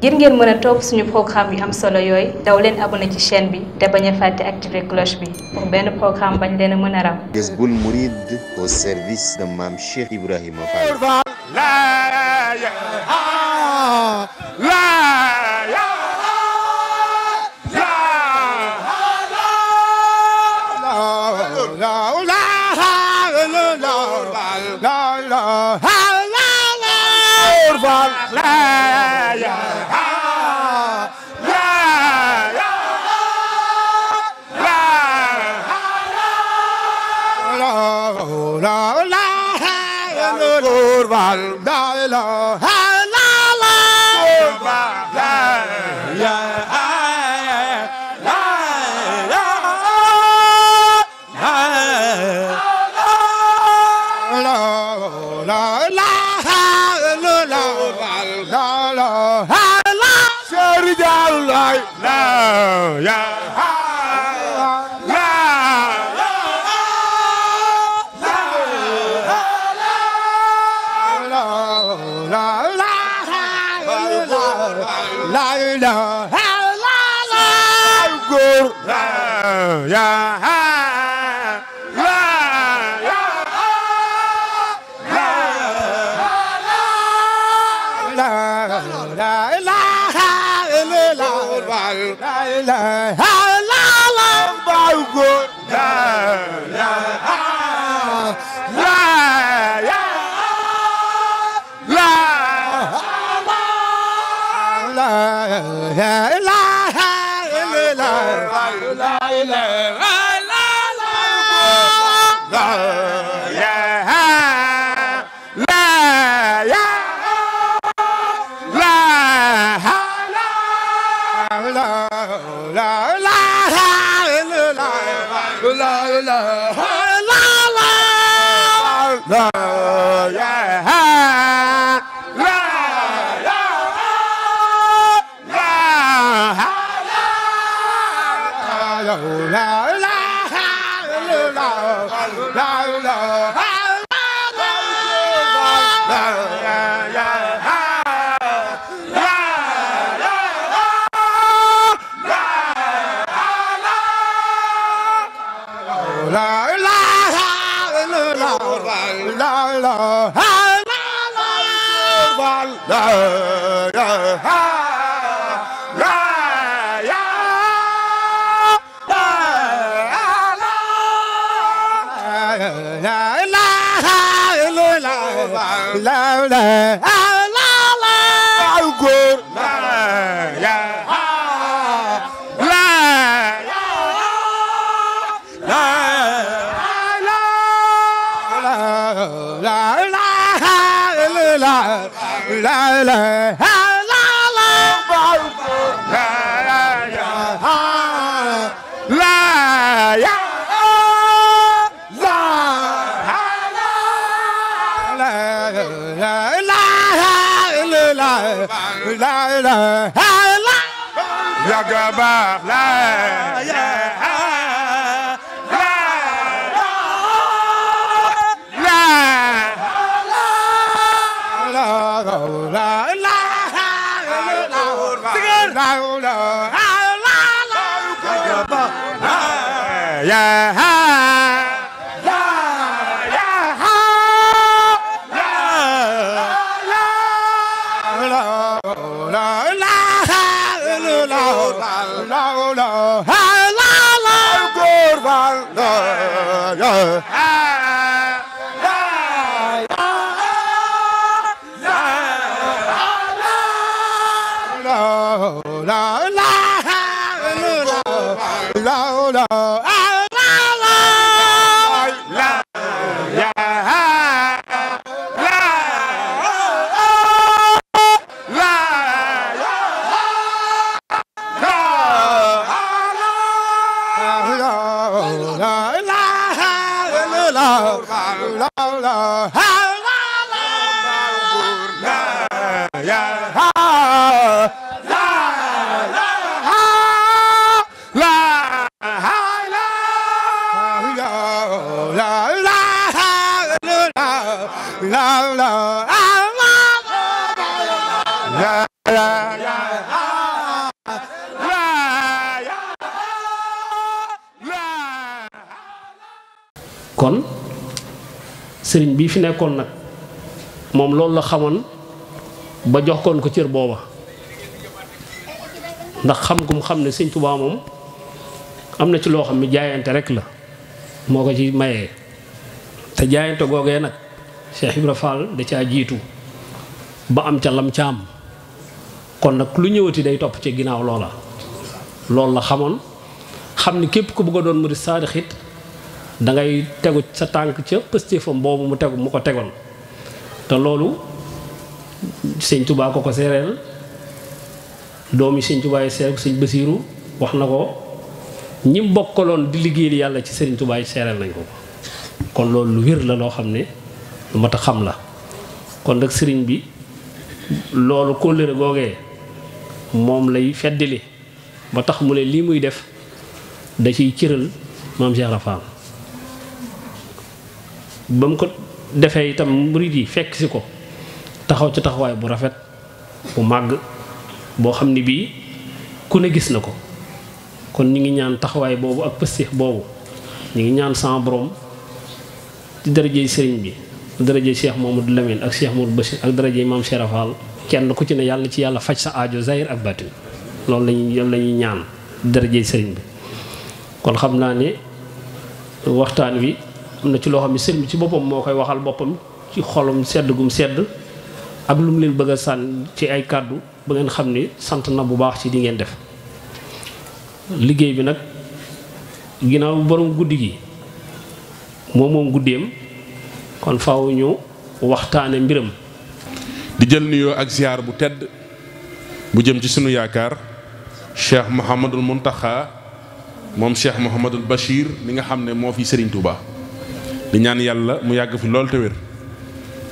ngir ngeen mën a topp suñu programme yu am solo yooy daw leen abonné ci bi te bañ a fàtte activer cloche bi benn programme bañ leen a mën a ram. Jazboul Mouride au service de Mame Cheikh Ibrahima Fall. Ah. la ilaha illallah góor ah, ya ah. Hey. la la la la la kon sëriñ bii fi nekkoon nag moom loolu la xamoon ba jox koon ko cër booba ndax xam gum xam ne sëñ Tuubaa am na ci loo xam ne jaayante rekk la moo ko ci mayee te jaayante googee nag Cheikh Ibra Fall da caa jiitu ba am ca lam ca kon nak lu ñëwati day top ci ginaaw loola lool la xamone xamni ni képp ku bëgg doon murid sadikhit da ngay tegu sa tànk ci pëstéefam boobu mu tegu mu ko tegoon te loolu seigne touba ko ko sérel doomi seigne touba yi sérel seigne basirou wax nako ñim bokkolon di liggéeyal yalla ci seigne touba yi sérel nañ ko kon loolu lu la lo xamne mata xam la kon nak sëriñ bi loolu kóllëre googee mom lay feddili ba tax mu ne li muy def da ciy cëral mam Cheikh Rafaal bam ko defee itam murid yi fekk si ko taxaw ci taxawaay bu rafet bu màgg boo xam ni ku ne gis na kon ñu ngi ñaan taxawaay boobu ak pëstéef boobu ñu ngi ñaan sama bi darajey Cheikh Mamadou Lamine ak Cheikh Mamadou Bachir ak darajey Cheikh kenn ku ci ne yàlla ci yàlla faj sa aajo zahir ak batin loolu lañuy yoon lañuy ñaan dërëjey sëriñ bi kon xam ni ne waxtaan wi am na ci loo xam ne sëriñ bi ci boppam moo koy waxal boppam ci xolum sedd gum sedd ak lu mu leen bëgg a sànn ci ay kàddu ba ngeen xam sant na bu baax ci di ngeen def liggéey bi nag ginnaaw borom guddi gi moom moom guddeem kon faaw ñu waxtaane mbiram di jël nuyoo ak ziar bu tedd bu jëm ci sunu yaakaar cheikh Mouhamadul Mountakha moom cheikh Mouhamadul Bachir mi nga xam ne moo fi sëriñ Touba di ñaan yàlla mu yàgg fi lool te wér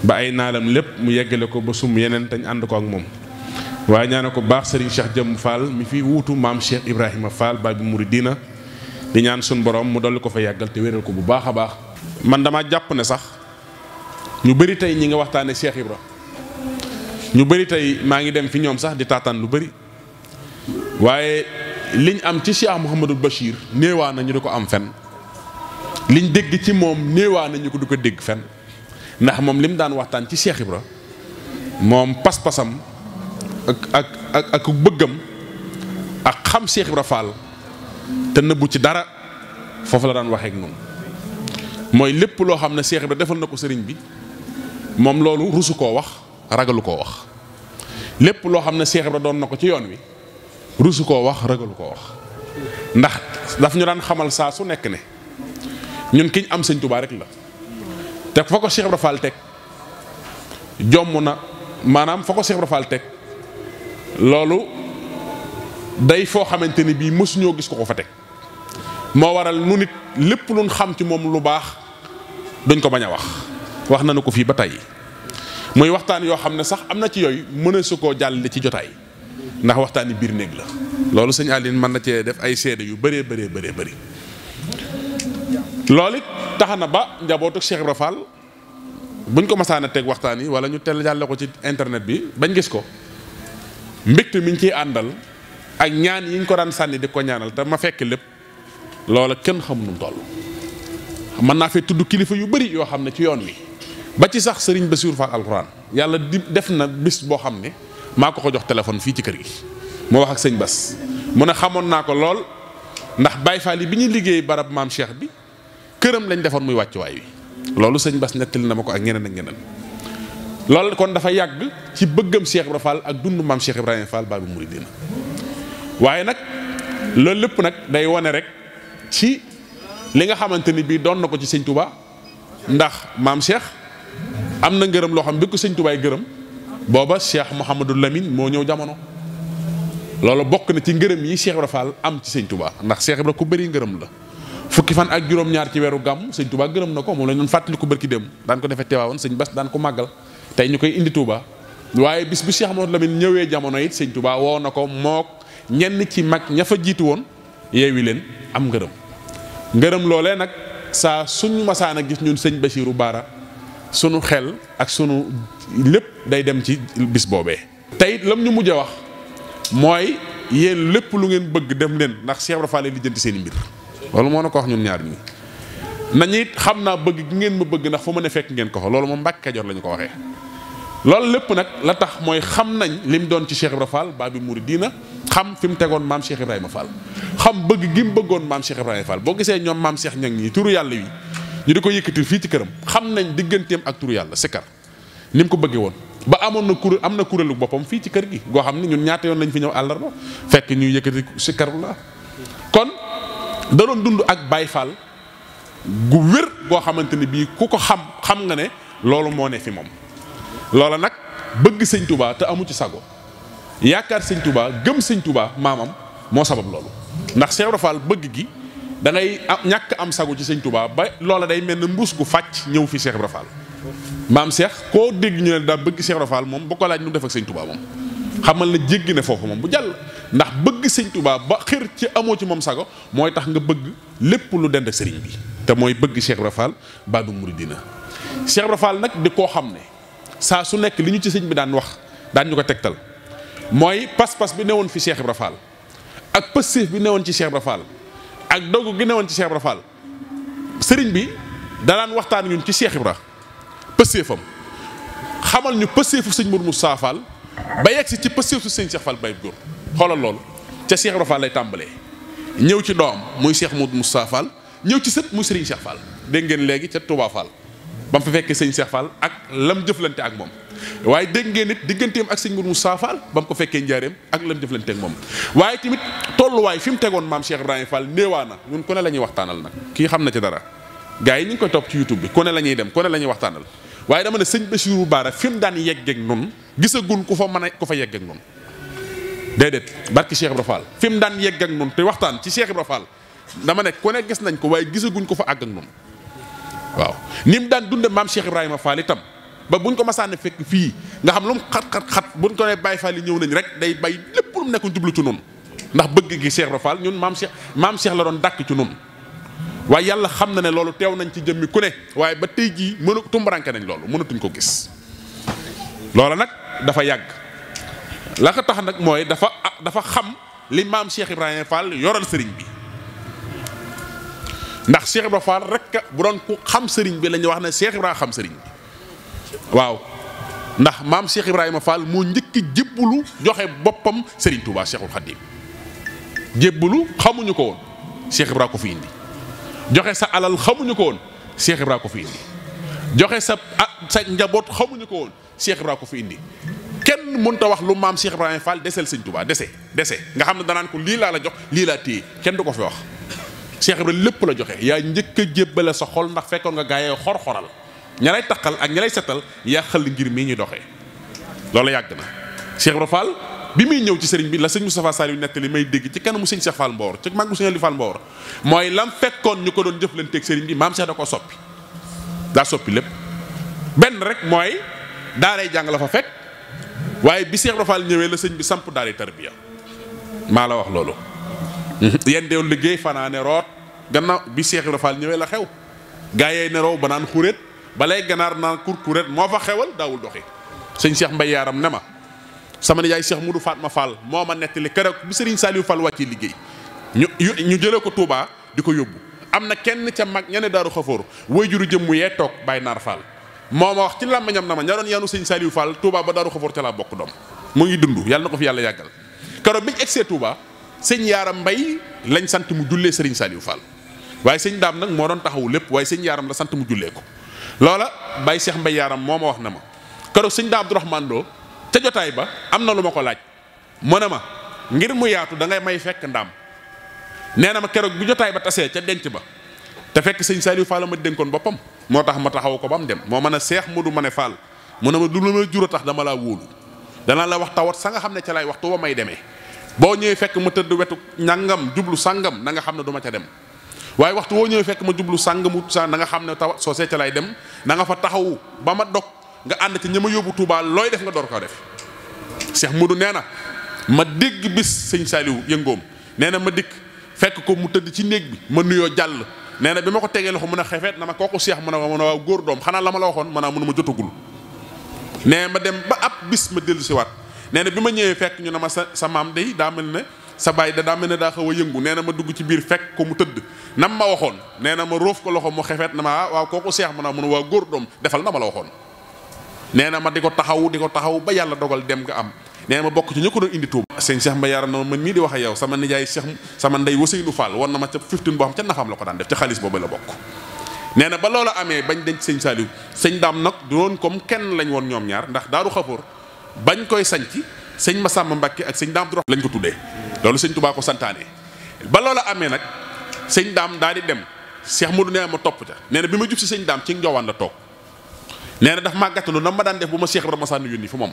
ba ay naalam lépp mu yeggale ko ba sum yeneen tañ ànd ko ak moom. waaye ñaane ko baax Serigne Cheikh Jëmm Fall mi fi wuutu maam Cheikh Ibrahima Fall Babi Mouridina di ñaan suñu borom mu dolli ko fa yàggal te wéral ko bu baax a baax. man dama jàpp ne sax ñu bëri tey ñi nga waxtaanee Cheikh ñu bëri tey maa ngi dem fi ñoom sax di taataan lu bari waaye liñ am ci Cheikh Mouhamadul Bachir néewaa na ñu di ko am fen liñ dégg ci moom néewaa na ñu ko du ko dégg fen ndax moom li mu daan waxtaan ci Cheikh Ibra moom pas-pasam ak ak ak ak bëggam ak xam Cheikh Ibra Fall te nëbbu ci dara foofu la daan waxeek noonu mooy lépp loo xam ne Cheikh Ibra defal na ko sëriñ bi moom loolu rusu koo wax ragalu koo wax lépp loo xam ne Cheikh Ibra doon na ko ci yoon wi rusu koo wax ragalu koo wax ndax dafa ñu daan xamal saa su nekk ne ñun kiñ am sëñ tubaa rek la te fa ko Cheikh Ibra teg jomm na maanaam fa ko Cheikh Ibra teg loolu day foo xamante ni bii mësuñoo gis ko ko fa teg moo waral nu nit lépp luñ xam ci moom lu baax duñ ko bañ a wax wax nanu ko fii ba tey muy waxtaan yoo xam ne sax am na ci yooyu mën a su koo jàllale ci jotaay ndax waxtaani biir néeg la loolu sëñ Aline mën na cee def ay seede yu bëree bëree bëree bëri loolu it tax na ba njabootu Cheikh Ibra buñ ko masaan a teg waxtaan yi wala ñu tel jàlle ko ci internet bi bañ gis ko mbégte mi ñu ciy àndal ak ñaan yi ñu ko daan sànni di ko ñaanal te ma fekk lépp loola kenn xamu nu mu mën naa fee tudd kilifa yu bari yoo xam ne ci yoon wi ba ci sax sëriñ ba Fall alxuraan yàlla di def na bis boo xam ne maa ko ko jox téléphone fii ci kër gi moo wax ak sëñ bas mu ne xamoon naa ko lool ndax Baye Fall yi bi ñuy liggéey barab maam Cheikh bi këram lañ defoon muy wàccuwaay wi loolu sëñ bas Bass nettali na ma ko ak ñeneen ak ñeneen loolu kon dafa yàgg ci bëggam Cheikh Ibrahima Fall ak dundu maam Cheikh Ibrahima Fall Babu Mouridina waaye nag loolu lépp nag day wane rek ci li nga xamante ni bii doon na ko ci sëñ ndax maam Cheikh. am ngeureum lo xam bi ko touba tubaay gërëm booba cheikh Mouhamadul Lamine mo ñew jamono lolo bok na ci ngeureum yi Cheikh rafal am ci seigne touba ndax Cheikh Ibra ku beuri ngeureum la fukki fan ak juroom ñaar ci wéru gerem seigne touba gërëm nako mo lañu fatali ko dem dan ko defé tewawon seigne bass dan ko magal tay ñukay indi touba waye bis bu Cheikh Mouhamadul Lamine ñewé jamono yi seigne touba wo nako mok ñenn ci mag ña fa jiitu woon yeewi am ngeureum ngeureum lolé nak sa suñu masana gis ñun seigne bashirou bara sunu xel ak sunu lépp day dem ci bis boobee. tey lam ñu mujj a wax mooy yéen lépp lu ngeen bëgg dem leen ndax Cheikh Ibra Fall li seen i mbir loolu moo ne ko wax ñun ñaar ñii nañu it xam naa bëgg gi ngeen ma bëgg ndax fu ma ne fekk ngeen ko fa loolu moom Mbàkke Kajoor la ko waxee. loolu lépp nag la tax mooy xam nañ mu doon ci Cheikh Ibra Fall Babi Mouridina xam fi mu tegoon maam Cheikh Ibrahima Fall xam bëgg gi mu bëggoon maam Cheikh Ibrahima Fall boo gisee ñoom maam Cheikh ñang ñi turu yàlla wi. ñu di ko yëkkatil fii ci këram xam nañ digganteem ak turu yàlla sikar ni mu ko bëggee woon ba amoon na kuréel am na kuréelu boppam fii ci kër gi goo xam ne ñun ñaata yoon lañ fi ñëw àllarba fekk ñuy yëkkati sikarullah kon da dund ak Baay Faal gu wér goo xamante ne bii ku ko xam xam nga ne loolu moo ne fi moom loola nag bëgg sëñ tubaa te amu ci sago yaakaar sëñ tubaa gëm sëñ tubaa maamam moo sabab loolu ndax Cheikh Ibra bëgg gi da ngay ñàkk am sago ci sëñ tubaab ba loola day mel ne mbuus gu fàcc ñëw fi Cheikh Ibra maam seex koo dégg ñu ne daa bëgg Cheikh Ibra moom ba ko laaj nu def ak sëñ moom xamal na jéggi foofu moom bu jàll ndax bëgg sëñ Touba ba xër ci amoo ci moom sago mooy tax nga bëgg lépp lu dend ak sëriñ bi te mooy bëgg Cheikh Ibra Fall baadu muridina Cheikh Ibra nag di koo xam ne saa su nekk li ñu ci sëñ bi daan wax daan ñu ko tegtal mooy pas-pas bi newoon fi Cheikh Ibra Fall ak pëstéef bi newoon ci Cheikh Ibra ak dogu gi newoon ci Cheikh Ibra Fall sëriñ bi danaan waxtaan ñun ci Cheikh Ibra pëstéefam xamal ñu pëstéefu sëñ Mourou mu Fall ba yegg si ci pëstéefu sëñ Cheikh Fall Góor xoolal loolu ca Cheikh Ibra lay tàmbalee ñëw ci doom muy Cheikh Mourou Moussa Fall ñëw ci sët muy sëriñ Cheikh Fall dégg ngeen léegi ca Touba ba mu fa fekkee sëñ Cheikh Fall ak lam jëflante ak moom waaye dégg ngeen nit digganteem ak sëñ Mourou Moussa Fall ba mu ko fekkee njaareem ak lam jëflante ak moom waaye tamit tolluwaay fi mu tegoon maam Cheikh Ibrahima Fall néewaa na ñun ku ne la ñuy waxtaanal nag kii xam na ci dara gars yi ñu ngi koy topp ci YouTube bi ku ne la ñuy dem ku ne la waxtaanal waaye dama ne sëñ Bassirou Bara fi mu daan yeggeeg noonu gisaguñ ko fa mën a ko fa yeggeeg noonu déedéet barki Cheikh Ibra Fall fi mu daan yegg ak noonu te waxtaan ci Cheikh Ibra Fall dama ne ku gis nañ ko waaye gisaguñ ko fa àgg ak waaw ni mu daan dunde maam Cheikh Ibrahima Fall itam ba buñ ko masaan fekk fii nga xam lu mu xat xat xat buñ ko nee Baye Fall yi ñëw nañ rek day bay lépp lu mu nekkoon jublu ci noonu ndax bëgg gi Cheikh Ibrahima Fall ñun maam Cheikh maam Cheikh la doon dàkk ci noonu waaye yàlla xam na ne loolu teew nañ ci jëmmi ku ne waaye ba tey jii mënu tumbaranke nañ loolu mënatuñ ko gis loola nag dafa yàgg la ko tax nag mooy dafa dafa xam li maam Cheikh Ibrahima Fall yoral sëriñ bi ndax Cheikh Ibra Fall rek bu doon xam sëriñ bi la wax na Cheikh Ibra xam sëriñ bi waaw ndax maam Cheikh Ibrahima Fall moo njëkki jébbalu joxe boppam sëriñ Touba Cheikhul Khadim jébbalu xamuñu ko woon Cheikh Ibra ko fi indi joxe sa alal xamuñu ko woon Cheikh Ibra ko fi indi joxe sa sa njaboot xamuñu ko woon Cheikh Ibra ko fi indi kenn mënta wax lu maam Cheikh Ibrahima Fall deseel sëñ Touba dese dese nga xam ne danaan ko lii laa la jox lii laa téye kenn du ko fi wax Cheikh Ibrahima lépp la joxe yaa njëkk a jébbale sa xol ndax fekkoon nga gaayee xor-xoral ña lay taqal ak ña lay setal yaa xal ngir mii ñuy doxe loolu yàgg na Cheikh Ibrahima bi muy ñëw ci sëriñ bi la sëñ Moustapha sa yu nekk li may dégg ci kanamu sëñ Cheikh Fall Mbawor ci màggu sëñ Ali Fall Mbawor mooy lam fekkoon ñu ko doon jëf leen jëflanteeg sëriñ bi maam Cheikh da ko soppi daa soppi lépp benn rek mooy daaray jàng la fa fekk waaye bi Cheikh Ibrahima Fall ñëwee la sëñ bi samp daaray tarbiya maa la wax loolu Mm-hmm. yan deew liggéey fanaane root gannaaw bi Cheikh Ibra Fall ñëwee la xew gaa yee ne ba naan xuréet balay ganaar naan kur kuréet moo fa xewal daawul doxi sëñ Cheikh Mbay yaaram ne ma sama nijaay Cheikh Moudou Fatma Fall moo ma nettali keroog bi Serigne Saliou Fall wàccee liggéey ñu jëlee ko Touba di ko yóbbu am na kenn ca mag ñene daaru xafoor wayjuru jëm mu yee toog Baye Naar Fall moo ma wax ci làmmañam na ma ña doon yanu sëñ Saliou faal Touba ba daaru xafoor ca laa bokk doom mu ngi dund yàlla na ko fi yàlla yàggal keroog biñ egsee Touba sëñ yaaram mbay lañ sant mu jullee sëriñ Saliou Fall waaye sëñ daam nag moo doon taxawu lépp waaye sëñ yaaram la sant mu jullee ko loola Baye Cheikh Mbay yaaram moo ma wax na ma keroog sëñ daam Abdourahmane Lo ca jotaay ba am na lu ma ko laaj mu ne ma ngir mu yaatu da ngay may fekk ndaam nee na ma keroog bu jotaay ba tasee ca denc ba te fekk sëñ Saliou Fall ma dénkoon boppam moo tax ma taxaw ko ba mu dem moo mën a seex mu du ma ne Fall mu ne ma lu ma jur a tax dama laa wóolu danaa la wax tawat sa nga xam ne ca laay waxtu ba may demee boo ñëwee fekk ma tëdd wetu ñàngam jublu sàngam nanga nga xam ne du ca dem waaye waxtu woo ñëwee fekk ma jublu sàngamu sa na nga xam ne taw soo see ca lay dem na fa taxawu ba ma dog nga ànd ca ña ma yóbbu Touba looy def nga door ko def. Cheikh Modou nee na ma dégg bis sëñ Saliou yëngoom nee na ma dikk fekk ko mu tëdd ci néeg bi ma nuyoo jàll nee na bi ma ko tegee loxo mën a xefeet na ma kooku Cheikh mën a mën a waaw góor doom xanaa la ma la waxoon mën a mënu ma jotagul nee ma dem ba ab bis ma dellu siwaat nee na bi ma ñëwee fekk ñu ne ma sa sa maam day daa mel ne sa baay da daa mel ne daa xaw a yëngu nee na ma dugg ci biir fekk ko mu tëdd nam ma waxoon nee na ma róof ko loxo mu xefeet na ma ah waaw kooku seex ma naa mun waa góor doom defal na ma la waxoon nee na ma di ko taxaw di ko taxaw ba yàlla dogal dem nga am nee ma bokk ci ñu ko doon indi Touba sëñ Cheikh Mbaye na man mii di wax ak yow sama nijaay Cheikh sama ndey Ousseynou Fall war na ma ca 15 boo xam ca nafaam la ko daan def ca xaalis boobu la bokk nee na ba loola amee bañ denc sëñ Saliou sëñ daam nag doon comme kenn lañ woon ñoom ñaar ndax daaru xafoor bañ koy sañ sanc sëñ Massamba Mbacke ak sëñ Daam Abdu Rahmaan lañ ko tuddee loolu sëñ Tubaa ko santaane ba loola amee nag sëñ daam daal di dem Cheikh Modou nee ma topp ca nee na bi ma jub si sëñ daam ci njowaan la toog nee daf maa na ma daan def bu ma Cheikh Ibrahima Sane yónni fu moom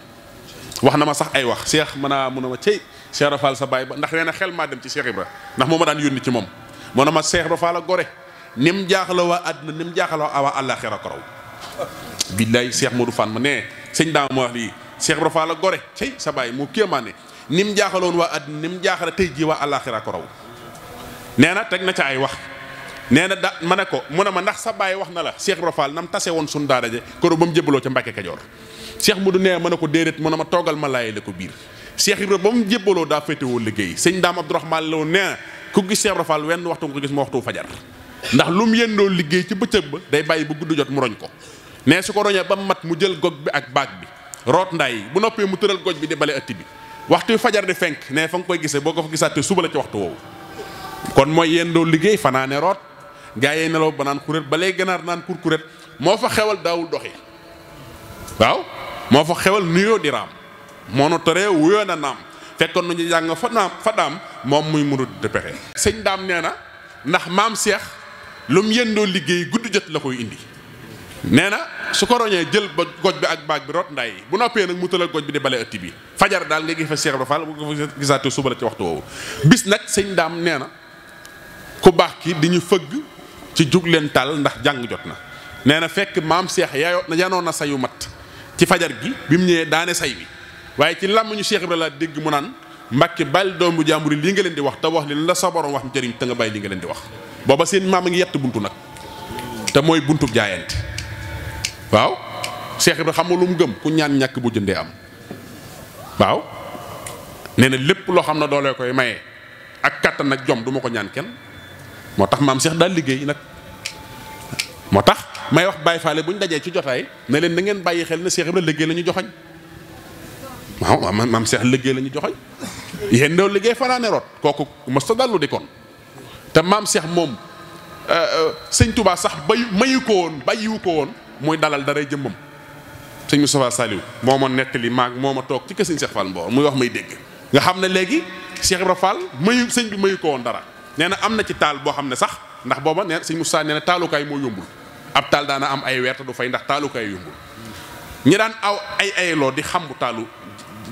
wax na ma sax ay wax Cheikh mën a mun a ma cey Cheikh sa baay ba ndax nee na xel maa ci Cheikh Ibra ndax moo ma daan yónni ci moom moo na ma Cheikh Rafal a gore ni mu jaaxala waa àdduna ni mu jaaxala waa àllaaxira ko raw billaay Cheikh Modou Fane ma nee sëñ daam ma wax lii Cheikh Ibra Fall la sa baay mu kéemaane ni mu jaaxaloon waa àddina ni mu jaaxale tey jii waa àllaaxira ko raw nee na teg na ca ay wax nee na da ma ne ko mu ne ma ndax sa baay wax na la Cheikh Ibra Fall nam tase woon sunu daara je koro ba mu jébbaloo ca Mbàkke Kajoor Cheikh Mudu nee ma ne ko déedéet mu ne ma toogal ma laayee la ko biir Cheikh Ibra ba mu jébbaloo daa féetewoo liggéey sëñ Daam Abdourahmane la woon nee na ku gis Cheikh Ibra Fall wenn waxtu nga ko gis mu waxtu fajar ndax lu mu yendoo liggéey ci bëccëg ba day bàyyi bu gudd jot mu roñ ko ne su ko roñee ba mu mat mu jël gog bi ak baag bi root ndaay bu noppee mu tëral goj bi di bale ëtt bi waxtu fajar di fenk ne fa nga koy gisee boo ko fa gisaatee suba la ci waxtu woowu kon mooy yéen doo liggéey fanaane root gaa yee nelaw ba naan kuréet balay ganaar naan kur kuréet moo fa xewal daawul doxi waaw moo fa xewal nuyoo di raam moo nu toree wuyoo na naam fekkoon nu ñu jàng fa naam fa daam moom muy munut di pexe sëñ daam nee na ndax maam seex lu mu yendoo liggéey guddi jot la koy indi nee na su ko roñee jël ba goj bi ak baag bi root nday bu noppee nag mu tëlal goj bi di bale ëtti bi fajar daal nga gis fa Cheikh Ibra Fall bu ko fa gisaatee suba bis nag sëñ daam nee na ku baax ki di ñu fëgg ci jug leen taal ndax jàng jot na nee na fekk maam Cheikh yaayo yanoon na sayu mat ci fajar gi bi mu ñëwee daane say bi waaye ci làmm ñu Cheikh Ibra laa dégg mu naan mbàkke bal doomu jàmbur yi li nga leen di wax te wax leen la sa wax mu jëriñ te nga bàyyi li nga leen di wax booba seen maam a ngi yett buntu nag te mooy buntu jaayante waaw Cheikh Ibra xam nga lu mu gëm ku ñaan ñàkk bu jëndee am waaw nee na lépp loo xam ne doolee koy maye ak kàttan ak jom duma ko ñaan kenn moo tax maam Cheikh daal liggéey nag moo tax may wax Baye Fall bu dajee ci jotaay ne leen na ngeen bàyyi xel ne Cheikh Ibra liggéey la ñu joxoñ waaw maam Cheikh liggéey la ñu joxoñ yéen doo liggéey fanaane root kooku mos ta dallu di kon te maam Cheikh moom euh, euh, sëñ tubaa sax bayu mayu ko woon bàyyiwu woon muy dalal daray jëmmam sëñ Moustapha Saliou moo ma nettali maag moo ma toog ci kër sëñ Cheikh Fall muy wax may dégg nga xam ne léegi Cheikh Ibra Fall mayu sëñ bi mayu ko woon dara nee na am na ci taal boo xam ne sax ndax booba nee sëñ Moustapha nee na taalukaay moo yombul ab taal daana am ay weer du fay ndax taalukaay yombul ñi daan aw ay ayeloo di xam taalu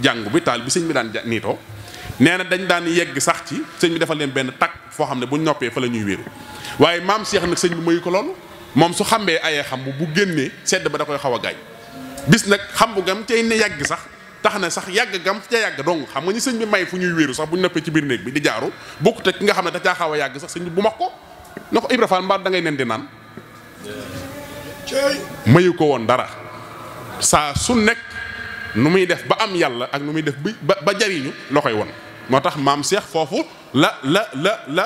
jàngu bi taal bi sëñ bi daan niitoo nee na dañ daan yegg sax ci sëñ bi defal leen benn takk foo xam ne bu noppee fa la ñuy wéeru maam Cheikh nag sëñ bi mayu ko loolu moom su xambee ayee xambu bu génnee sedd ba da koy xaw a gaañ bis nag xambu gam tey ne yàgg sax tax na sax yàgg gam ca yàgg donc xam nga ñu sëñ bi may fu ñuy wéeru sax bu noppee ci biir néeg bi di jaaru bokkut ak ki nga xam ne da caa xaw a yàgg sax sëñ bi bu max ko na ko Ibra Fall mbaa da ngay nen di naan mayu ko woon dara saa su nekk nu muy def ba am yàlla ak nu muy def ba ba jariñu loo koy won moo tax maam seex foofu la la la la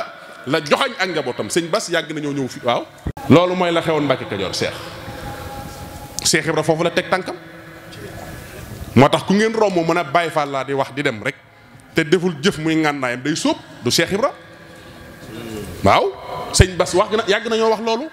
la joxañ ak njabootam sëñ Bas yàgg nañoo ñëw fi waaw loolu mooy la xewoon Mbàkke Kajoor seex seex Ibra foofu la teg tànkam moo tax ku ngeen romb mën a bàyyi faal laa di wax di dem rek te deful jëf muy ngànnaayam day sóob du seex Ibra waaw sëñ Bas wax na yàgg nañoo wax loolu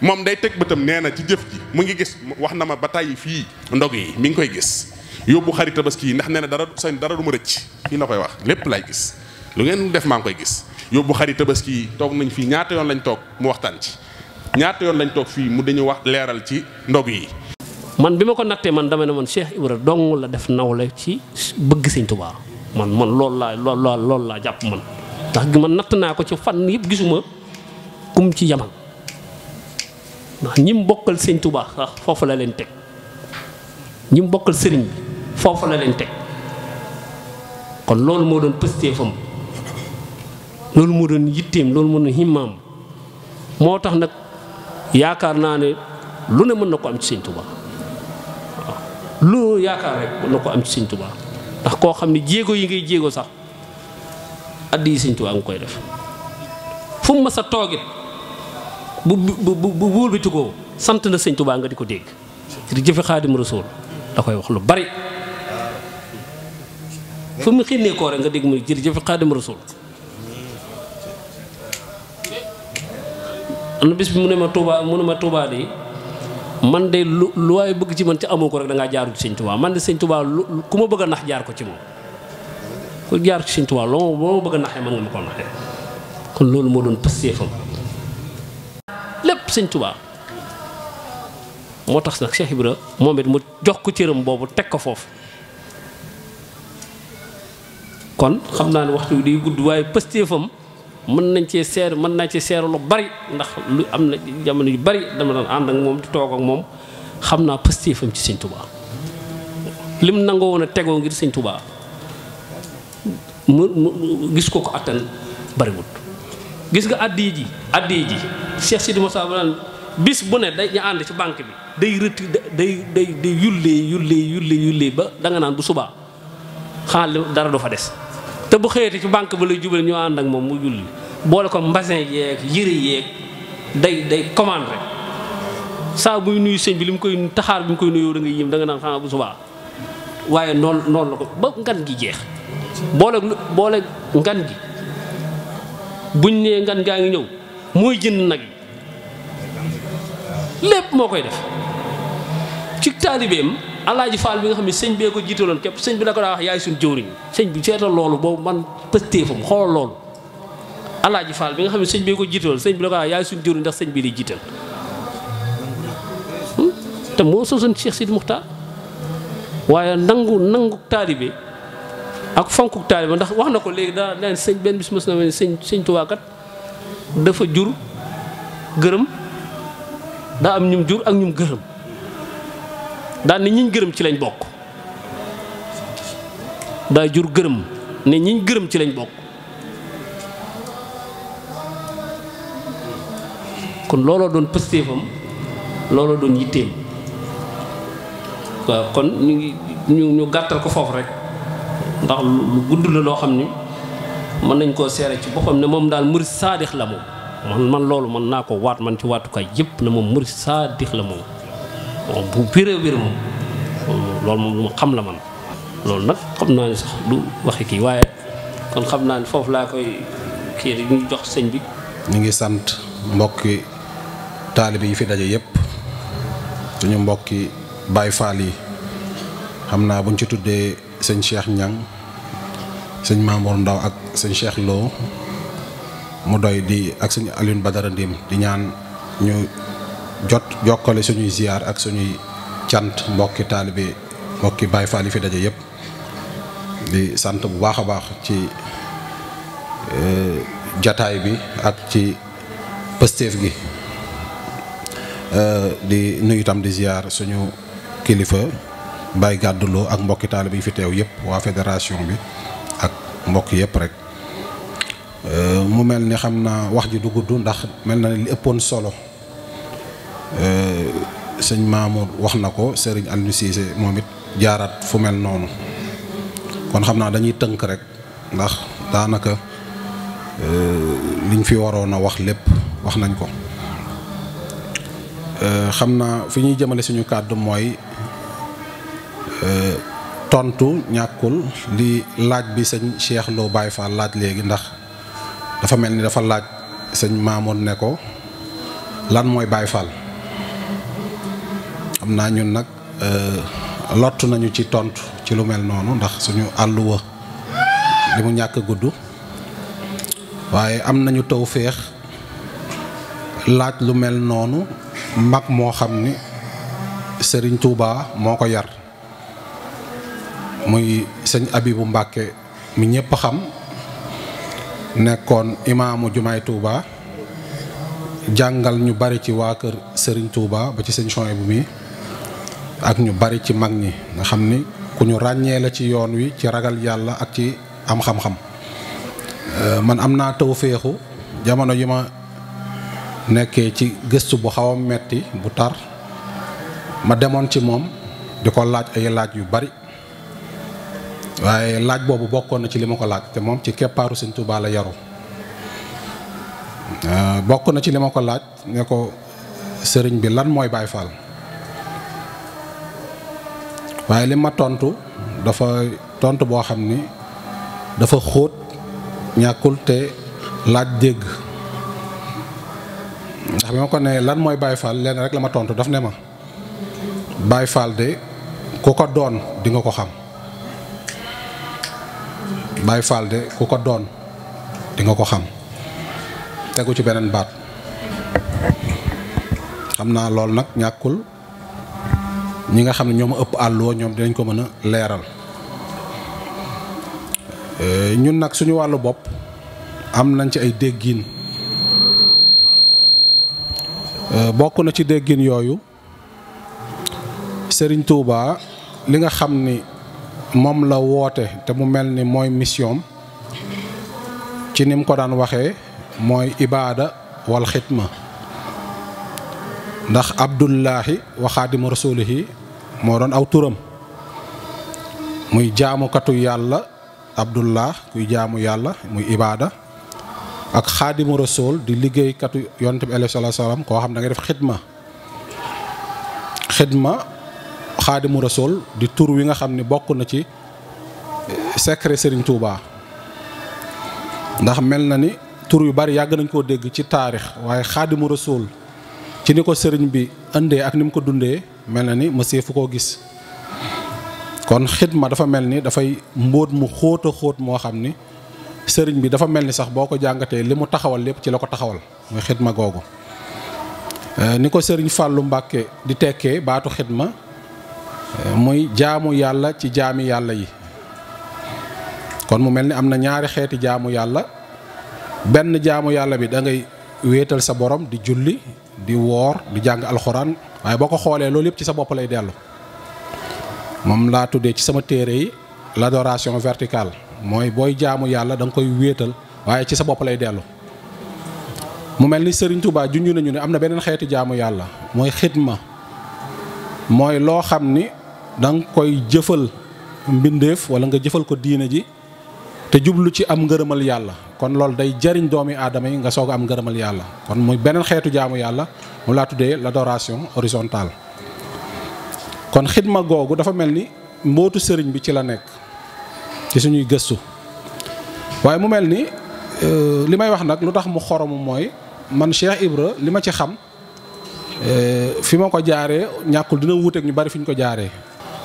moom day teg bëtam nee na ci jëf ji mu ngi gis wax na ma ba tàyyi fii ndog yi mi ngi koy gis yóbbu xarit tabaski yi ndax nee na dara sañ dara du ma rëcc fii la koy wax lépp lay gis lu ngeen def maa ngi koy gis yóbbu xarit tabaski yi toog nañ fii ñaata yoon lañ toog mu waxtaan ci ñaata yoon lañ toog fii mu dañu wax leeral ci ndog yi. man bi ma ko nattee man dama ne man Cheikh Ibra dong la def nawle ci bëgg sëñ Tuubaa man man loolu laa loolu laa loolu laa jàpp man ndax man natt naa ko ci fànn yëpp gisuma kum ci yamal ndax bokkal sëñ Tuubaa foofu la leen teg ñi mu sëriñ bi foofu la leen teg kon loolu moo doon pëstéefam loolu moo doon yitteem loolu moo doon himmaam moo tax nag yaakaar naa ne lu ne mën na ko am ci sëñ Tuubaa lu yaakaar rek mën na ko am ci sëñ Tuubaa ndax koo xam ne jéego yi ngay jéego sax addi yi sëñ Tuubaa nga koy def fu ma sa a toogit bu bu bu wóolbati ko sant na sëñ Tuubaa nga di ko dégg di jëfe Xaadimu Rasuul da koy wax lu bari fu mu xinnee koo rek nga dégg mu jërëjëf Xaadimu Rasuul am na bis bi mu ne ma Touba mu ne ma Touba de man de lu lu waaye bëgg ci man ci amoo ko rek da ngaa jaarul ci man de sëñ Touba lu ku ma bëgg nax jaar ko ci moom ku jaar ci sëñ Touba bëgg a naxee man nga ma ko naxee kon moo lépp sëñ moo tax nag Cheikh Ibra moom it mu jox ko cëram boobu teg ko foofu kon xam naa ne waxtu wi day gudd waaye pësteefam mën nañ cee seer mën naa ci seer lu bari ndax lu am na jamono yu bari dama daan ànd ak moom di toog ak moom xam naa pastéefam ci sëñ Touba lim nangoo woon a tegoo ngir sëñ Touba mu gis ko ko attan bariwut gis nga addiya ji addiya ji Cheikh Sidi Moussa Ba bis bu ne day ñu ànd ci banque bi day rëti day day day yullee yullee yullee yullee ba danga naan bu subaa xanaa dara du fa des te bu xëyati ci banque ba lay jubale ñoo ànd ak moom mu julli boole ko mbasin yeeg yëre yeeg day day commande rek saa buy nuyu sëñ bi li mu koy taxaar bi mu koy nuyoo da nga yéem da naan xanaa bu subaa waaye noonu noonu la ko ba ngan gi jeex boole boole gi buñ nee ngan gaa ngi ñëw mooy jën nag lépp moo koy def ci taalibeem alaaji Fall bi nga xam ne señ bee ko jiitaloon képp sëñ bi da ko daa wax yaay suñ jëwriñ sëñ bi feetal loolu boobu man pëstéefam xoolal loolu alaaji Fall bi nga xam ne sëñ bee ko jiitaloon sëñ bi da ko daa wax yaay suñ jëwriñ ndax sëñ bi di jiital hmm? te moo sosoon Cheikh Sidi Muxtaar waaye nangu nangu taalibe ak fonkuk taalibe ndax wax na ko léegi daa naan sëñ benn bis mos ma ne sëñ sëñ dafa jur gërëm daa am ñum jur ak ñum gërëm daal ni ñiñ gërëm ci lañ bokk daa jur gërëm ne ñiñ gërëm ci lañ bokk kon looloo doon pëstéefam looloo doon yitteem waaw kon ñu ngi ñu ñu gàttal ko foofu rek ndax lu gudd la loo xam ni mën nañ koo seere ci boppam ne moom daal murid saadix la moom man man loolu mën naa ko waat man ci waatukaay yëpp ne moom murid saadix la moom bu béré wér moom loolu moom lu ma xam la man loolu nag xam naa ne sax du waxi kii waaye kon xam naa ni foofu laa koy kii di ñu jox sëñ bi ñu ngi sant mbokki taalibe yi fi daje yépp suñu mbokki Baay Faal yi xam naa buñ ci tuddee sëñ Cheikh Ñang sëñ Mamour Ndaw ak sëñ Cheikh Lo mu doy di ak sëñ Alioune Badara Ndim di ñaan ñu jot jokkale suñuy ziar ak suñuy cant mbokki taalibe mbokki Baay Faal yi fi daje yëpp di sant bu baax a baax ci eh, jataay bi ak ci pësteef gi eh, di nuyu itam di ziar suñu kilifa Baay gàdduloo ak mbokki taalibe yi fi teew yëpp waa fédération bi ak mbokk yëpp rek eh, mu mel ni xam naa wax ji du gudd ndax mel na li ëppoon solo Euh, sëñ Mamour wax na ko sëriñ Aliou moom it jaaraat fu mel noonu kon xam naa dañuy tënk rek ndax daanaka euh, liñ fi waroon a wax lépp wax nañ ko euh, xam naa fi ñuy jëmale suñu kàddu mooy tontu ñàkkul li laaj bi sëñ Cheikh Lo Baye Fall laaj léegi ndax dafa mel ni dafa laaj sëñ Mamour ne ko lan mooy Baye Fall. am naa ñun nag euh, lott nañu ci tontu ci lu mel noonu ndax suñu àlluwa li mu ñàkk gudd waaye am nañu taw féex laaj lu mel noonu mag moo xam ni sëriñ Touba moo ko yar muy sëñ Abibu Mbàkke mi ñépp xam nekkoon imaamu jumaay tuuba jàngal ñu bari ci waa kër sëriñ Touba ba ci sëñ Chouaïbou mi ak ñu bari ci mag ñi nga xam ni ku ñu ràññee la ci yoon wi ci ragal yàlla ak ci am xam-xam euh, man am naa tawféexu jamono yi ma nekkee ci gëstu bu xaw a metti bu tar ma demoon ci moom di ko laaj ay laaj yu bari waaye laaj boobu bokkoon na ci li ma ko laaj te moom ci keppaaru Sëñ Tuubaa la yaru euh, bokk na ci li ma ko laaj ne ko sëriñ bi lan mooy Baay Faal waaye li ma tontu dafa tontu boo xam ni dafa xóot ñàkkul te laaj dégg ndax bi ma ko ne lan mooy Baye Fall lenn rek la ma tontu daf ne ma Baye Fall de ku ko doon di nga ko xam Baye Fall ku ko doon di ko xam tegu ci beneen baat xam naa loolu nag ñàkkul. ñi nga xam ne ñoom ëpp àlloo ñoom dinañ ko mën a leeral eh, ñun nag suñu wàllu bopp am nañ ci ay déggin eh, bokk na ci déggin yooyu sëriñ Touba li nga xam ni moom la woote te mu mel ni mooy mission ci ni mu ko daan waxee mooy ibaada wal xitma ndax Abdullahi wa xaadima rasulihi moo doon aw turam muy jaamukatu yàlla abdullah kuy jaamu yàlla muy ibaada ak xaadimu rasul di liggéeykatu yonent bi alayhi salaatu salaam koo xam da nga def xidma xidma xaadimu rasul di tur wi nga xam ni bokk na ci eh, secret Serigne Touba ndax mel na ni tur yu bari yàgg nañ koo dégg ci taarix waaye xaadimu rasul ci ni ko sëriñ bi indee ak ni mu ko dundee melni ma ni fu gis kon xidma dafa melni da fay mbóot mu xoto xot mo xamni serign bi dafa melni sax boko ko limu taxawal lepp ci lako ko taxawal moy xidma gogo eh, niko ko sëriñ Fàllu di tekke baatu xidma eh, mu jaamu yalla ci jaami yalla yi kon mu melni amna ñaari xeeti jaamu yalla ben jaamu yalla bi da ngay saborom sa borom di julli di wor di jang alcorane waaye boo ko xoolee loolu yëpp ci sa bopp lay dellu moom laa tuddee ci sama téere yi l'adoration vertical mooy booy jaamu yàlla danga koy wéetal waaye ci sa bopp lay dellu mu mel ni Serigne Touba junj nañu ne am na beneen xeeti jaamu yàlla mooy xidma mooy loo xam ni da koy jëfal mbindeef wala nga jëfal ko diine ji te jublu ci am ngërëmal yàlla kon loolu day jariñ doomi aadama yi nga soog am ngërëmal yàlla kon muy beneen xeetu jaamu yàlla mu laa tuddee l'adoration horizontale kon xidma googu dafa mel ni mbootu sëriñ bi ci la nekk ci suñuy gëstu waaye mu mel ni euh, li may wax nag lu tax mu xoromu mooy man Cheikh Ibra li ma ci xam euh, fi ma ko jaaree ñàkkul dina wuuteeg ñu bari fi ñu ko jaaree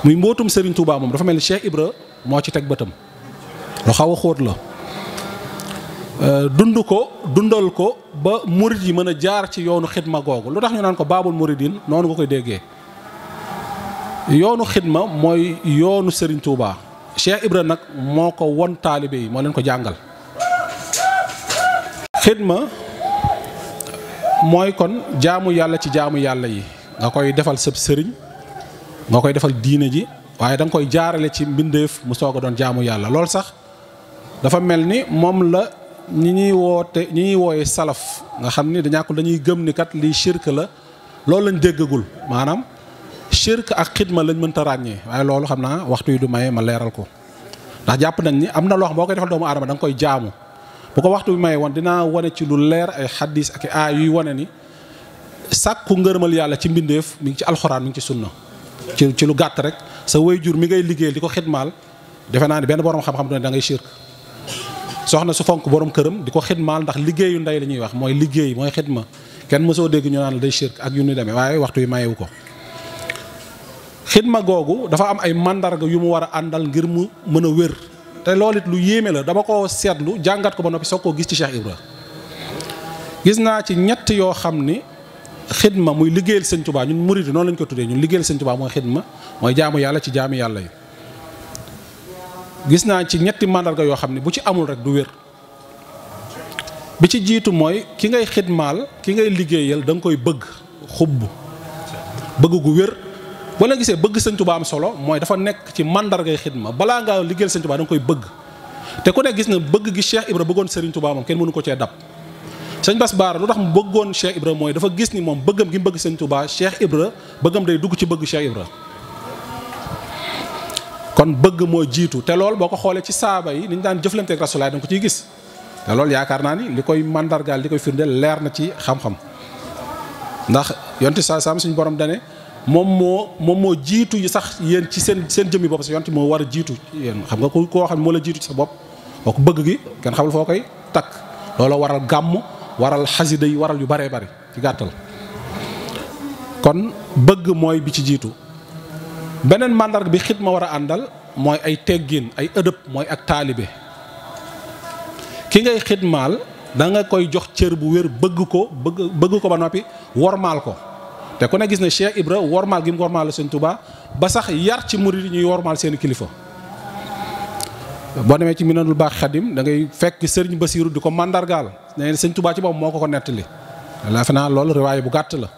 muy mbootum sëriñ Touba moom dafa mel ni Cheikh Ibra moo ci teg bëtam lu xaw xóot la euh, dund ko dundal ko ba murid yi mën a jaar ci yoonu xidma googu lu tax ñu naan ko baabul muridin noonu nga koy déggee yoonu xidma mooy yoonu sëriñ Touba Cheikh Ibra nag moo ko won taalibe yi moo leen ko jàngal xidma mooy kon jaamu yàlla ci jaamu yàlla yi nga koy defal sëb sëriñ nga koy defal diine ji waaye da koy jaarale ci mbindeef mu soog a doon jaamu yàlla lool sax dafa mel ni moom la ñi ñuy woote ñi ñuy wooye salaf nga xam ni dañàkkul dañuy gëm ni kat lii shirk la loolu lañ déggagul maanaam shirk ak xidma lañ mënta ràññee waaye loolu xam naa waxtu yi du maye ma leeral ko ndax jàpp nañ ni am na loo xam boo ko defal doomu aadama da nga koy jaamu bu ko waxtu bi maye woon dinaa wane ci lu leer ay xadis ak ay yuy wane ni sàkku ngërëmal yàlla ci mbindeef mu ngi ci alxuraan mi ngi ci sunna ci ci lu gàtt rek sa wayjur mi ngay liggéeyal di ko xidmaal defe naa ni benn borom xam-xam du ne soxna su fonk boroom këram di ko xidmaal ndax liggéeyu ndey lañuy wax mooy liggéey mooy xidma kenn mësoo dégg ñu naan la day shirk ak yu ni demee waaye waxtu yi mayewu ko xidma googu dafa am ay mandarga yu mu war a àndal ngir mu mën a wér te loolu lu yéeme la dama ko seetlu jàngat ko ba noppi soog koo gis ci Cheikh Ibra gis naa ci ñett yoo xam ni xidma muy liggéeyal sëñ Tuubaa ñun murid noonu lañ ko tuddee ñun liggéeyal sëñ Tuubaa mooy xidma mooy jaamu yàlla ci jaamu yàlla yi gis naa ci ñetti mandarga yoo xam ne bu ci amul rek du wér bi ci jiitu mooy ki ngay xidmaal ki ngay liggéeyal da nga koy bëgg xubb bëgg gu wér wala gisé bëgg sëñ tuba am solo mooy dafa nekk ci mandarga xidma bala nga liggéeyal sëñ tuba da nga koy bëgg te ku ne gis na bëgg gi Cheikh Ibra bëggoon Serigne tuba moom kenn mënu ko cee dab sëñ Bass Baara lu tax mu bëggoon Cheikh Ibra mooy dafa gis ni moom bëggam gi bëgg tuba Cheikh Ibra bëggam day dugg ci bëgg Cheikh Ibra kon bëgg moo jiitu te lool boo ko xoolee ci saaba yi ni ñu daan jëflanteeg rasulaay da nga ko ciy gis te loolu yaakaar naa ni li koy mandargaal li koy firndeel leer na ci xam-xam ndax yonti saa saam suñu borom dane moom moo moom moo jiitu yi sax yéen ci seen seen jëmmi bopp sa yonti moo war a jiitu yéen xam nga ku koo xam moo la jiitu ci sa bopp ko bëgg gi kenn xamul foo koy takk loolu waral gàmm waral xasida yi waral yu baree bari ci gàttal kon bëgg mooy bi ci jiitu beneen màndarga bi ma war a àndal mooy ay teggin ay ëdëb mooy ak taalibe ki ngay xit da danga koy jox cër bu wér bëgg ko bëgg bëgg ko ba noppi wormaal ko te ku ne gis ne Cheikh Ibra wormaal gi mu wormaal Sëñ Tuubaa ba sax yar ci murid ñuy wormaal seeni kilifa boo demee ci Minanul Baax Xadim da ngay fekk Sëriñ Basiiru di ko màndargaal nee Sëñ Tuubaa ci boppam moo ko ko nettali laa fe naa loolu riwaay bu gàtt la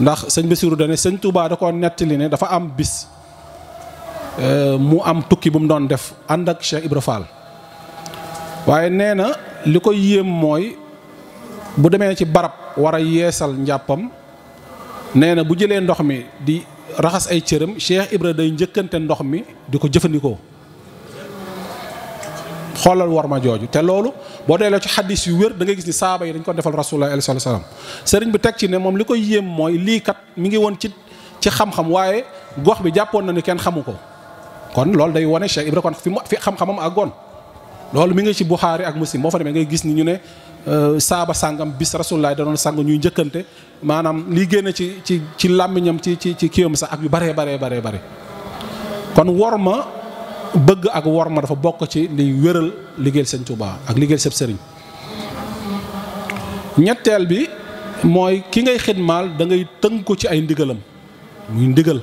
ndax sëñ Bassirou dane sëñ Touba da ko nettali ne dafa am bis euh, mu am tukki bu mu doon def ànd ak Cheikh Ibra Fall waaye nee na li ko yéem mooy bu demee ci barab war a yeesal njàppam nee na bu jëlee ndox mi di raxas ay cëram Cheikh Ibra day njëkkante ndox mi di ko jëfandikoo xoolal war ma jooju te loolu boo delloo ci xaddis yu wér da gis ni saaba yi dañ ko defal rasulullah alayhi salaam sëriñ bi teg ci ne moom li koy yéem mooy lii kat mi ngi woon ci ci xam-xam waaye gox bi jàppoon na ni kenn xamu ko kon loolu day wane Cheikh Ibra kon fi mu fi xam-xamam àggoon loolu mi ngi ci Buxaari ak Muslim boo fa demee ngay gis ni ñu ne euh, saaba sàngam bis rasulullah da doon sang ñuy njëkkante maanaam li génn ci ci ci làmmiñam ci ci ci kiyam sax ak yu baree baree baree bare kon wor bëgg ak wor ma dafa bokk ci liy wéral liggéeyal sëñ Tuubaa ak liggéeyal sëb sëriñ ñetteel bi mooy ki ngay xidmaal da ngay tënku ci ay ndigalam muy ndigal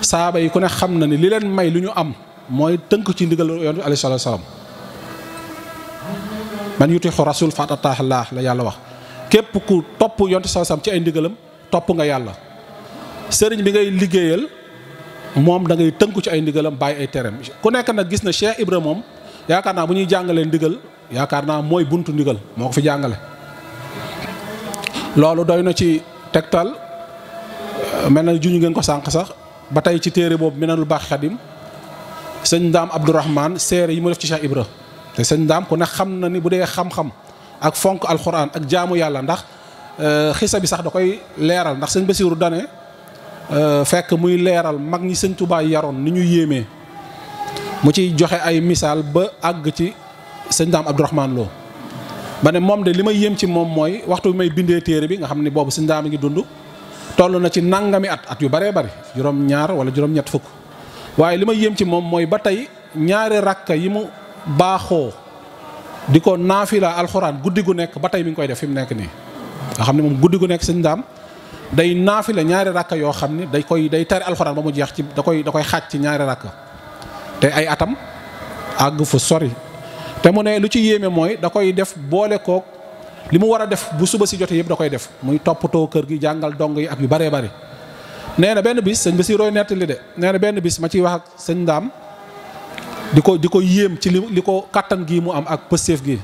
saaba yi ku ne xam na ni li leen may lu ñu am mooy tënk ci ndigal yoon bi alayhi salaatu salaam man yutixu rasul fatataaxlaa la yàlla wax képp ku topp yonte salaam ci ay ndigalam topp nga yàlla sëriñ bi ngay liggéeyal moom da ngay tënku ci ay ndigalam bàyyi ay tereem ku nekk nag gis na Cheikh Ibra moom yaakaar naa bu ñuy jàngalee ndigal yaakaar naa mooy buntu ndigal moo ko fi jàngale loolu doy na ci tegtal euh, mel na ñu ngeen ko sànq sax ba tey ci téere boobu mel na lu baax Xadim sëñ Ndaam Abdourahman seere yi mu def ci Cheikh Ibra te sëñ Ndaam ku ne xam na ni bu dee xam-xam ak fonk alxuraan ak jaamu yàlla ndax euh, xisa bi sax da koy leeral ndax sëñ Basiiru dane Euh, fekk muy leeral mag ñi sëñ Touba yaroon ni ñu yéemee mu ci joxe ay misaal ba àgg ci sëñ daam Abdourahman ba ne moom de li ma yéem ci moom mooy waxtu bi may bindee téere bi nga xam ni boobu sëñ daam ngi dund toll na ci nangami at at yu baree bari juróom-ñaar wala juróom-ñett fukk waaye li ma yéem ci moom mooy ba tey ñaari rakka yi mu baaxoo di ko naafila alxuraan guddi gu nekk ba tey mu ngi koy def fi mu nekk nii nga xam ne moom guddi gu nekk sëñ daam day naafila ñaari rakka yoo xam ne day koy day tari alxuraan ba mu jeex ci da koy da koy xaaj ci ñaari rakka te ay atam àgg fu sori te mu ne lu ci yéeme mooy da koy def boole kook li mu war a def bu suba si jotee yëpp da koy def muy toppatoo kër gi jàngal dong yi ak yu baree bari nee na benn bis sëñ ba si roy nettali de nee na benn bis ma ciy wax ak sëñ ndaam di ko di ko yéem ci li li ko kàttan gii mu am ak pësteef gi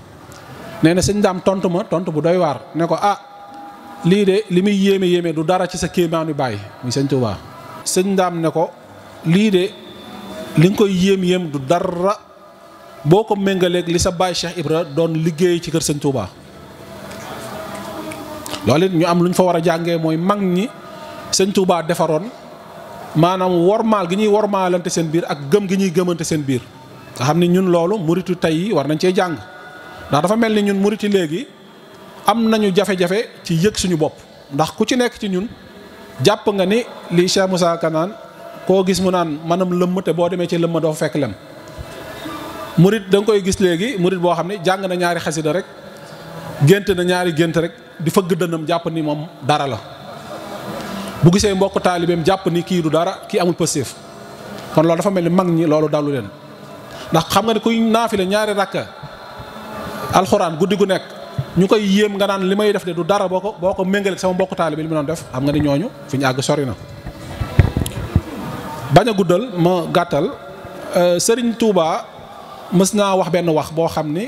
nee na sëñ ndaam tontu ma tontu bu doy waar lii de li muy yéeme yéeme du dara ci sa kéemaanu baay muy sëñ Tuubaa sëñ ndaam ne ko lii de li nga koy yéem yéem du dara boo ko mengaleek li sa baay Cheikh Ibra doon liggéey ci kër sëñ Tuubaa loolu ñu am lu ñu fa war a jàngee mooy mag ñi sëñ Tuubaa defaroon maanaam wormaal gi ñuy wormaalante seen biir ak gëm gi ñuy gëmante seen biir nga xam ni ñun loolu muritu tey war nañ cee jàng ndax dafa mel ni ñun muritu léegi am nañu jafe-jafe ci yëg suñu bopp ndax ku ci nekk ci ñun jàpp nga ni li Cheikh Moussa Kanaan koo gis mu naan manam lëmm te boo demee ci lëmm doo fekk lem murit da koy gis léegi murit boo xam ne jàng na ñaari xasida rek gént na ñaari gént rek di fëgg dënam jàpp ni moom dara la bu gisee mbokk taalibeem jàpp ni kii du dara kii amul pëstéef kon loolu dafa mel ni mag ñi loolu dalu leen ndax xam nga ne kuy naafile ñaari rakka alxuraan guddi gu nekk ñu koy yéem nga naan li may def de du dara boo ko boo ko méngaleeg sama mbokk taalibe li mu doon def xam nga ni ñooñu fi ñu àgg sori na. bañ a guddal ma gàttal euh, sëriñ Touba mës naa wax benn wax boo xam ni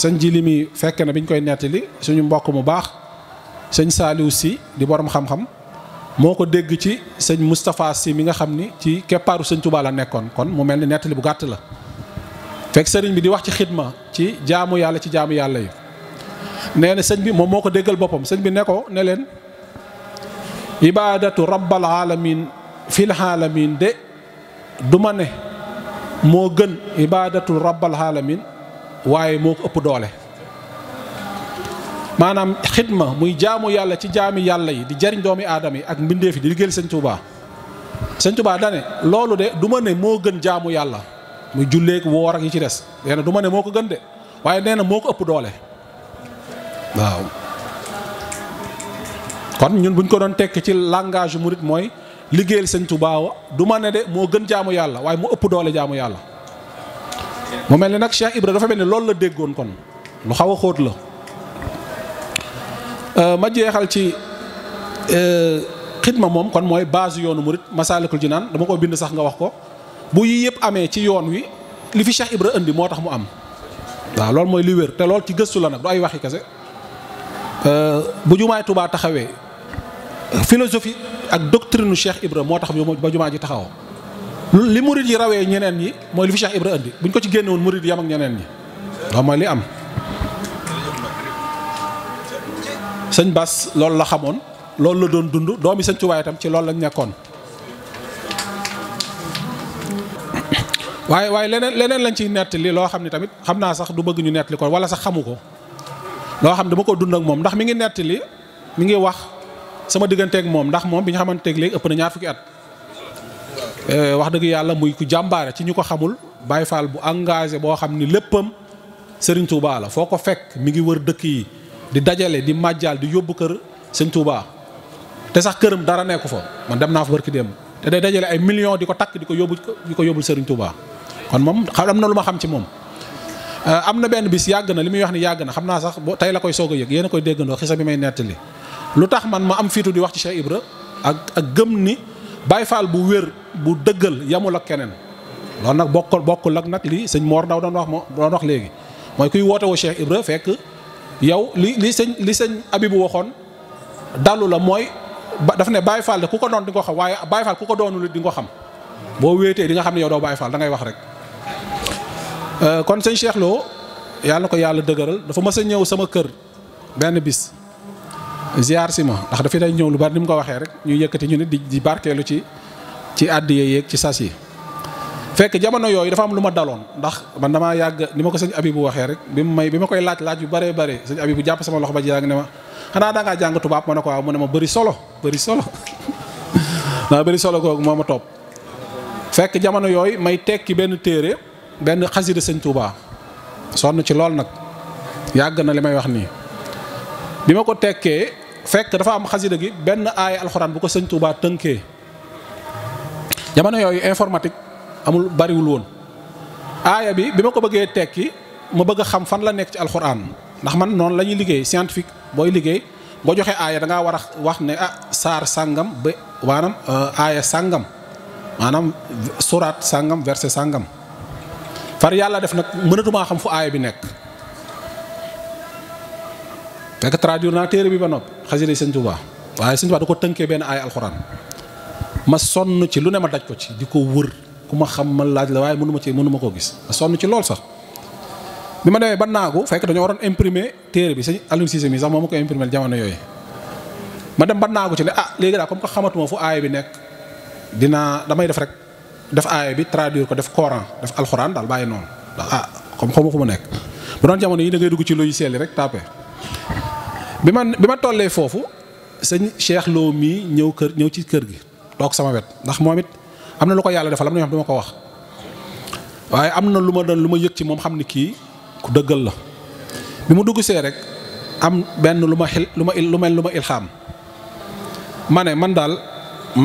sëñ ji li muy fekk na biñ koy nettali suñu mbokk mu baax sëñ Saliou si di boroom xam-xam. moo ko dégg ci sëñ Moustapha Sy mi nga xam ni ci keppaaru sëñ Touba la nekkoon kon mu mel ni nettali bu gàtt la fekk sëriñ bi di wax ci xidma ci jaamu yàlla ci jaamu yàlla nee na sëñ bi moom moo ko déggal boppam sëñ bi ne ko ne leen ibaadatu rabbal alamin fil alamin de du ma ne moo gën ibaadatu rabbal alamin waaye moo ko ëpp doole maanaam xidma muy jaamu yàlla ci jaami yàlla yi di jariñ doomi aadama yi ak mbindeef yi di liggéeyal sëñ Tuubaa sëñ Tuubaa dane loolu de du ma ne moo gën jaamu yàlla muy julleek woor ak yi ci des nee na du ma ne moo ko gën de waaye nee na moo ko ëpp doole waaw kon ñun buñ ko doon tekk ci langage murit mooy liggéeyal sëñ Tuubaa du ma ne de moo gën jaamu yàlla waaye mu ëpp doole jaamu yàlla mu mel ni nag Cheikh Ibra dafa mel ni loolu la déggoon kon lu xaw a xóot la euh, ma jeexal ci euh, xidma moom kon mooy base yoonu murit masaalikul naan dama ko bind sax nga wax ko bu yii yëpp amee ci yoon wi li fi Cheikh Ibra indi moo tax mu am waaw loolu mooy li wér te lool ci gëstu la nag du ay waxi kese Euh, bu jumaay tubaa taxawee philosophie ak doctrine Cheikh Ibra moo tax ba jumaa ji taxawoo li murid yi rawee ñeneen yi mooy lu fi Cheikh Ibra indi buñ ko ci génne woon murid yam ak ñeneen ñi waaw mooy li am sëñ Bas loolu la xamoon loolu la doon dund doomi sëñ Tuubaa itam ci loolu lañ nekkoon waaye waaye leneen leneen lañ ciy nettali loo xam ne tamit xam naa sax du bëgg ñu nettali ko wala sax xamu ko lo xam dama ko dund ak mom ndax mi ngi netti mi ngi wax sama dengan mom ndax mom bi xamanté tegli, léegi ëpp na ñaar fukki at eh, wax dëgg yalla muy ku jàmbaare ci ñuko xamul Baye Fall bu engagé bo xamni ni Serigne Touba la foko fekk mi ngi wër dëkk yi di dajale di majjal di yobuker kër Serigne Touba té sax kërëm dara neeku fa man dem na fa barki dem té day dajale ay millions di ko diko di ko yóbbu di ko Serigne Touba kon mom, xam na luma xam ci mom Euh, am na benn bis yàgg na li muy wax ni yàgg na xam naa sax boo tey la koy soog a yëg yéen a koy déggandoo xisa bi may nettali lu tax man ma am fiitu di wax ci Cheikh Ibra ak ak gëm ni Baye Fall bu wér bu dëggal yamul ak keneen loolu nag bokkul bokkul ak nag li sëñ moor Ndaw doon wax moo doon wax léegi mooy kuy wootewu woo Ibra fekk yow li li sëñ li sëñ Abibu waxoon dalu la mooy dafa ne Baye Fall de ku ko doon di nga ko xam waaye Baye ku ko doonul di nga xam boo wéetee di nga xam ne yow doo Baye Fall wax rek Euh, kon sëñ Cheikh Lo yàlla na ko yàlla dëgëral dafa mës a ñëw sama kër benn bis ziar ma ndax dafay day ñëw lu bari ni mu ko waxee rek ñu yëkkati ñu ne di barkeelu ci ci àddiya yeeg ci sas yi. fekk jamono yooyu dafa am lu ma daloon ndax man damaa yàgg ni ma ko sëñ bu waxee rek bi mu may bi ma koy laaj laaj yu bëree bëri sëñ bu jàpp sama loxo ba jàng xanaa da ngaa jàng tubaab ma ne ko waaw mu ne ma bëri solo bari solo naa bëri solo googu moo ma topp fekk jamono benn xasida sëñ Touba sonn ci lool nag yàgg na li may wax nii bi ma ko tekkee fekk dafa am xasida gi benn aaya alxuraan bu ko sëñ Touba tënkee jamono yooyu informatique amul bariwul woon aaya bi bi ma ko bëggee tekki ma bëgg xam fan la nekk ci alxuraan ndax man noonu la ñuy liggéey scientifique booy liggéey boo joxee aaya da ngaa war a wax ne ah saar sàngam ba maanaam euh, aaya sàngam maanaam suraat sàngam verset sàngam par yàlla def nag mënatumaa xam fu aay bi nekk fekk traduire naa téere bi ba nopp xasida sëñ Tuubaa waaye sëñ Tuubaa ko tënkee benn aaya alxuraan ma sonn ci lu ne ma daj ko ci di ko wër ku ma xam ma laaj la waaye mënuma ci mënuma koo gis ma sonn ci lool sax bi ma demee ba naagu fekk dañoo waroon imprimer téere bi sëñ Alioune Cissé mi sax moo ma ko imprimer jamono yooyu ma dem ba naagu ci ne ah léegi daal comme que xamatuma fu aaya bi nekk dinaa damay def rek def aaya bi traduire ko def Coran def alxuraan daal bàyyi noonu ndax ah comme xaw ma fu ma nekk bu doon jamono yi da ngay dugg ci logiciel yi rek tapé bi ma bi ma tollee foofu sëñ Cheikh mii ñëw kër ñëw ci kër gi toog sama wet ndax moom it am na lu ko yàlla defal am na ñoo xam du ko wax waaye am na lu ma doon lu ma yëg ci moom xam ni kii ku dëggal la bi mu dugg see rek am benn lu ma xil lu ma il lu mel lu ma ilxaam ma ne man daal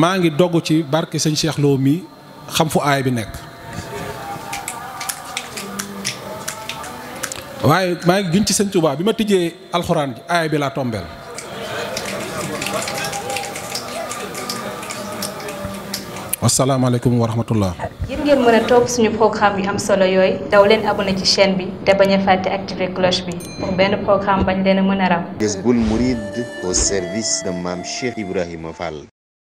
maa ngi dogg ci barke sëñ Cheikh mii. xam fu aay bi nekk waaye maa ngi giñ ci sëñ Tuubaa bi ma tijjee alxuraan ji aay bi laa tombeel wasalaamaaleykum wa rahmatullah ngir ngeen mën a topp suñu programme yu am solo yooy daw leen abonné ci chaîne bi te bañ a fàtte activer cloche bi pour benn programme bañ leen a mën a ram Jazboul Mouride au service de Mame Cheikh